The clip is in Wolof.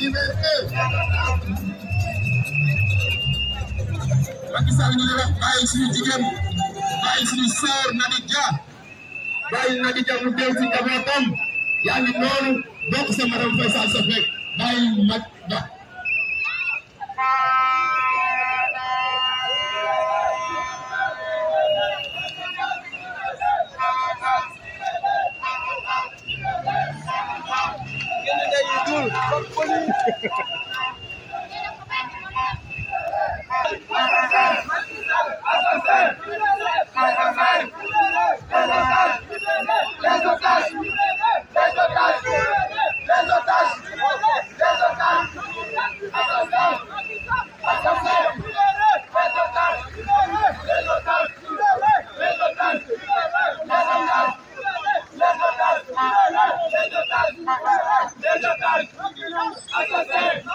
liberté Macky Sall ñu ngi wax bàyyi suñu jigéen bàyyi suñu sœur Nady Dia bàyyi Nady Dia mu deew ci njabootam yaa ngi noonu bokk sa madame Faye Sall sa fekk bàyyi mag ba かっこいい Pakistan!